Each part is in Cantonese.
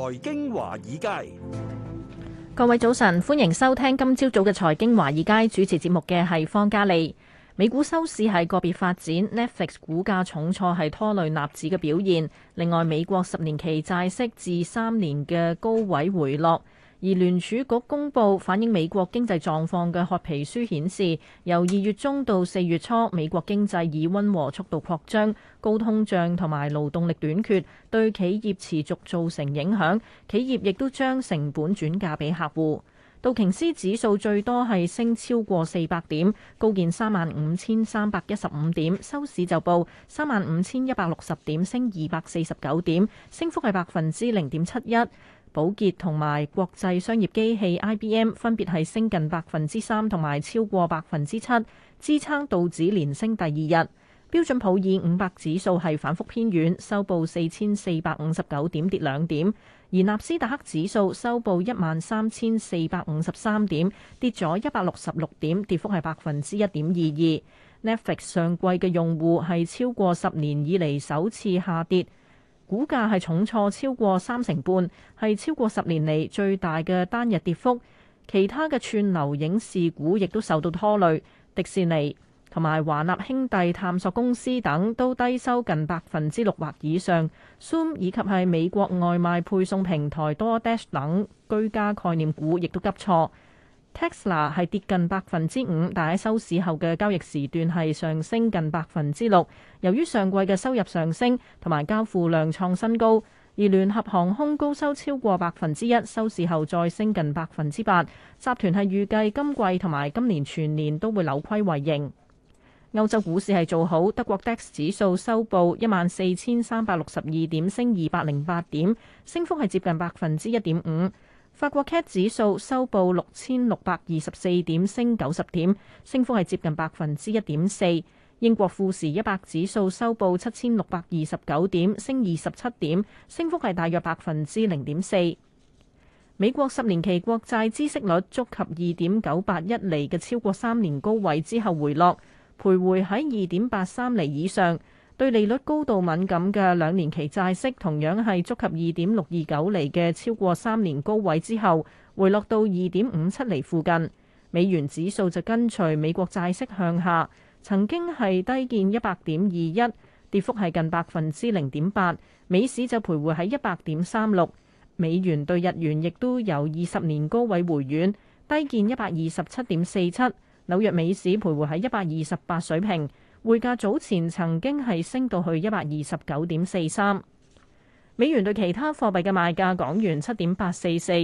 財經華爾街，各位早晨，歡迎收聽今朝早嘅財經華爾街，主持節目嘅係方嘉利。美股收市係個別發展，Netflix 股價重挫係拖累納指嘅表現。另外，美國十年期債息至三年嘅高位回落。而聯儲局公佈反映美國經濟狀況嘅褐皮書顯示，由二月中到四月初，美國經濟以溫和速度擴張，高通脹同埋勞動力短缺對企業持續造成影響，企業亦都將成本轉嫁俾客戶。道瓊斯指數最多係升超過四百點，高見三萬五千三百一十五點，收市就報三萬五千一百六十點，升二百四十九點，升幅係百分之零點七一。寶潔同埋國際商業機器 （IBM） 分別係升近百分之三同埋超過百分之七，支撐道指連升第二日。標準普爾五百指數係反覆偏軟，收報四千四百五十九點，跌兩點；而納斯達克指數收報一萬三千四百五十三點，跌咗一百六十六點，跌幅係百分之一點二二。Netflix 上季嘅用戶係超過十年以嚟首次下跌。股價係重挫超過三成半，係超過十年嚟最大嘅單日跌幅。其他嘅串流影視股亦都受到拖累，迪士尼同埋華納兄弟探索公司等都低收近百分之六或以上。Zoom 以及係美國外賣配送平台 DoorDash 等居家概念股亦都急挫。Tesla 係跌近百分之五，但喺收市後嘅交易時段係上升近百分之六。由於上季嘅收入上升同埋交付量創新高，而聯合航空高收超過百分之一，收市後再升近百分之八。集團係預計今季同埋今年全年都會扭虧為盈。歐洲股市係做好，德國 DAX 指數收報一萬四千三百六十二點，升二百零八點，升幅係接近百分之一點五。法國 CAC 指數收報六千六百二十四點，升九十點，升幅係接近百分之一點四。英國富時一百指數收報七千六百二十九點，升二十七點，升幅係大約百分之零點四。美國十年期國債孳息率觸及二點九八一厘嘅超過三年高位之後回落，徘徊喺二點八三厘以上。對利率高度敏感嘅兩年期債息同樣係觸及二點六二九厘嘅超過三年高位之後，回落到二點五七厘附近。美元指數就跟隨美國債息向下，曾經係低見一百點二一，跌幅係近百分之零點八。美市就徘徊喺一百點三六。美元兌日元亦都由二十年高位回軟，低見一百二十七點四七。紐約美市徘徊喺一百二十八水平。匯價早前曾經係升到去一百二十九點四三。美元對其他貨幣嘅賣價，港元七點八四四，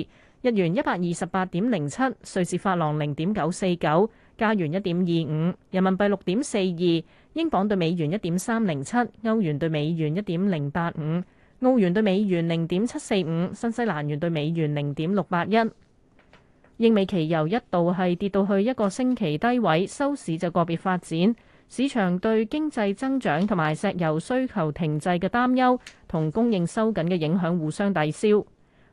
日元一百二十八點零七，瑞士法郎零點九四九，加元一點二五，人民幣六點四二，英鎊對美元一點三零七，歐元對美元一點零八五，澳元對美元零點七四五，新西蘭元對美元零點六八一。英美期油一度係跌到去一個星期低位，收市就個別發展。市場對經濟增長同埋石油需求停滯嘅擔憂同供應收緊嘅影響互相抵消。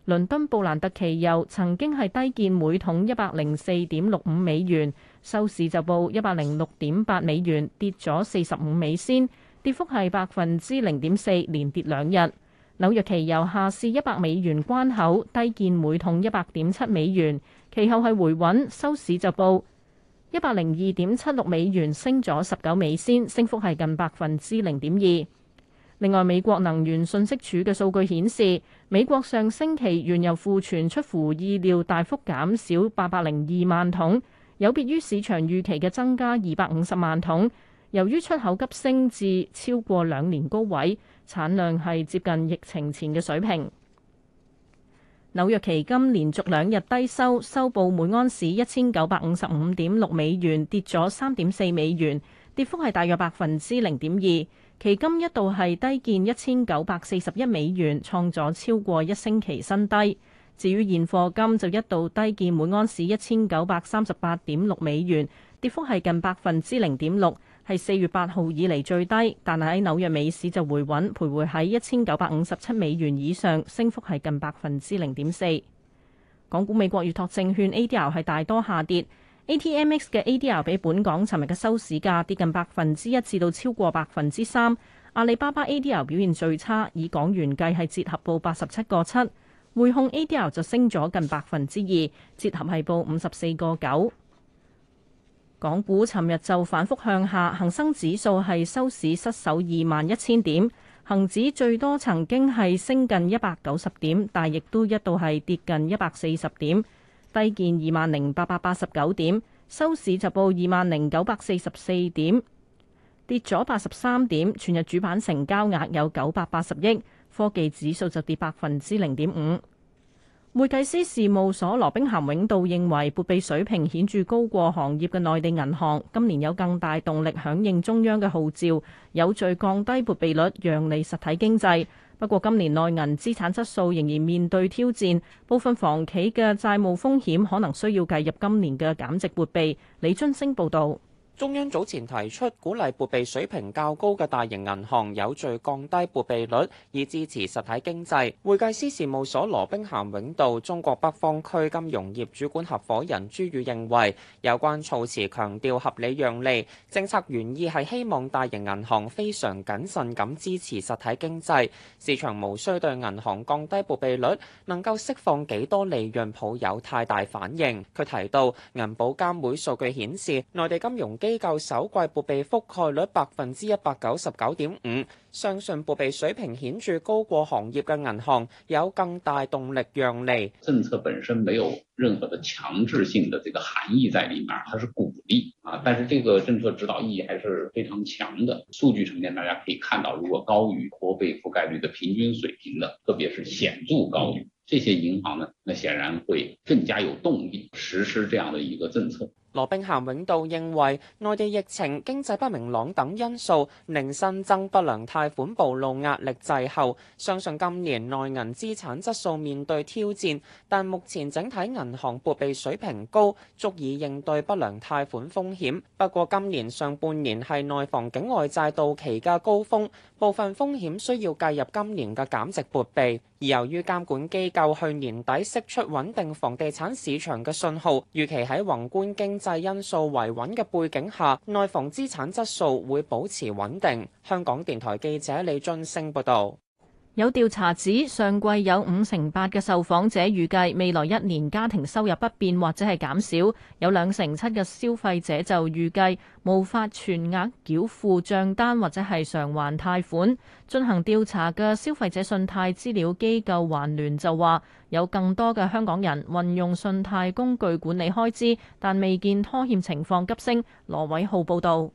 倫敦布蘭特期油曾經係低見每桶一百零四點六五美元，收市就報一百零六點八美元，跌咗四十五美仙，跌幅係百分之零點四，連跌兩日。紐約期油下試一百美元關口，低見每桶一百點七美元，其後係回穩，收市就報，一百零二點七六美元，升咗十九美仙，升幅係近百分之零點二。另外，美國能源信息署嘅數據顯示，美國上星期原油庫存出乎意料大幅減少八百零二萬桶，有別於市場預期嘅增加二百五十萬桶。由於出口急升至超過兩年高位，產量係接近疫情前嘅水平。紐約期金連續兩日低收，收報每安士一千九百五十五點六美元，跌咗三點四美元，跌幅係大約百分之零點二。期金一度係低見一千九百四十一美元，創咗超過一星期新低。至於現貨金就一度低見每安士一千九百三十八點六美元，跌幅係近百分之零點六。係四月八號以嚟最低，但係喺紐約美市就回穩，徘徊喺一千九百五十七美元以上，升幅係近百分之零點四。港股美國預託證券 ADR 係大多下跌，ATMX 嘅 ADR 比本港尋日嘅收市價跌近百分之一至到超過百分之三。阿里巴巴 ADR 表現最差，以港元計係折合報八十七個七，匯控 ADR 就升咗近百分之二，折合係報五十四個九。港股尋日就反覆向下，恒生指數係收市失守二萬一千點，恒指最多曾經係升近一百九十點，但亦都一度係跌近一百四十點，低見二萬零八百八十九點，收市就報二萬零九百四十四點，跌咗八十三點。全日主板成交額有九百八十億，科技指數就跌百分之零點五。會計師事務所羅兵咸永道認為，撥備水平顯著高過行業嘅內地銀行，今年有更大動力響應中央嘅號召，有序降低撥備率，讓利實體經濟。不過，今年內銀資產質素仍然面對挑戰，部分房企嘅債務風險可能需要計入今年嘅減值撥備。李津升報道。中央早前提出，鼓勵撥備水平較高嘅大型銀行有序降低撥備率，以支持實體經濟會計師事務所羅冰霞永道中國北方區金融業主管合伙人朱宇認為有關措辭強調合理讓利，政策原意係希望大型銀行非常謹慎咁支持實體經濟市場無需對銀行降低撥備率能夠釋放幾多利潤抱有太大反應，佢提到，銀保監會數據顯示，內地金融。機構首季撥備覆蓋率百分之一百九十九點五，相信撥備水平顯著高過行業嘅銀行，有更大動力讓利。政策本身沒有任何的強制性的這個含義在裡面，它是鼓勵啊，但是這個政策指導意義還是非常強的。數據呈現大家可以看到，如果高於撥備覆蓋率的平均水平的，特別是顯著高於。這些銀行呢，那顯然會更加有動力實施這樣的一個政策。羅兵咸永道認為，內地疫情、經濟不明朗等因素令新增不良貸款暴露壓力滯後，相信今年內銀資產質素面對挑戰，但目前整體銀行撥備水平高，足以應對不良貸款風險。不過今年上半年係內房境外債到期嘅高峰，部分風險需要計入今年嘅減值撥備，而由於監管機構。就去年底釋出穩定房地產市場嘅信號，預期喺宏觀經濟因素維穩嘅背景下，內房資產質素會保持穩定。香港電台記者李俊升報道。有調查指，上季有五成八嘅受訪者預計未來一年家庭收入不變或者係減少，有兩成七嘅消費者就預計無法全額繳付帳單或者係償還貸款。進行調查嘅消費者信貸資料機構環聯就話，有更多嘅香港人運用信貸工具管理開支，但未見拖欠情況急升。羅偉浩報道。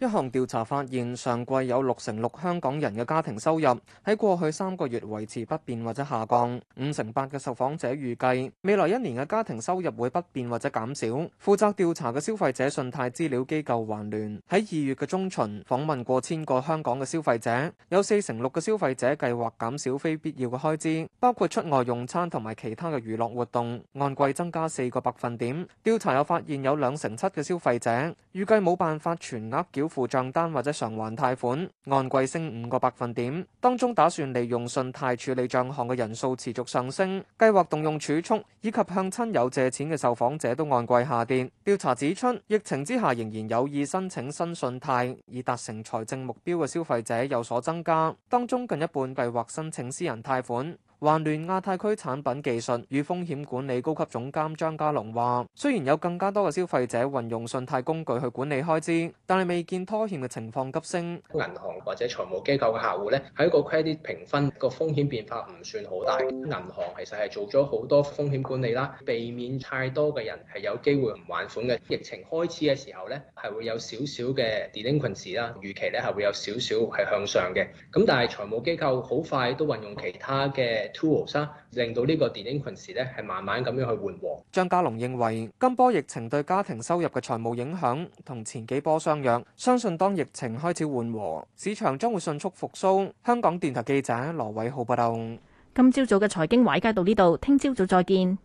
一項調查發現，上季有六成六香港人嘅家庭收入喺過去三個月維持不變或者下降。五成八嘅受訪者預計未來一年嘅家庭收入會不變或者減少。負責調查嘅消費者信貸資料機構環聯喺二月嘅中旬訪問過千個香港嘅消費者，有四成六嘅消費者計劃減少非必要嘅開支，包括出外用餐同埋其他嘅娛樂活動，按季增加四個百分點。調查又發現有兩成七嘅消費者預計冇辦法全額繳。付賬單或者償還貸款，按季升五個百分點。當中打算利用信貸處理賬項嘅人數持續上升，計劃動用儲蓄以及向親友借錢嘅受訪者都按季下跌。調查指出，疫情之下仍然有意申請新信貸以達成財政目標嘅消費者有所增加，當中近一半計劃申請私人貸款。環聯亞太區產品技術與風險管理高級總監張家龍話：雖然有更加多嘅消費者運用信貸工具去管理開支，但係未見拖欠嘅情況急升。銀行或者財務機構嘅客戶咧，喺個 credit 評分個風險變化唔算好大。銀行其實係做咗好多風險管理啦，避免太多嘅人係有機會唔還款嘅。疫情開始嘅時候咧，係會有少少嘅 delinquency 率啦，預期咧係會有少少係向上嘅。咁但係財務機構好快都運用其他嘅。令到呢個電影群時咧，係慢慢咁樣去緩和。張家隆認為，今波疫情對家庭收入嘅財務影響同前幾波相若，相信當疫情開始緩和，市場將會迅速復甦。香港電台記者羅偉浩報道。今朝早嘅財經華爾街到呢度，聽朝早再見。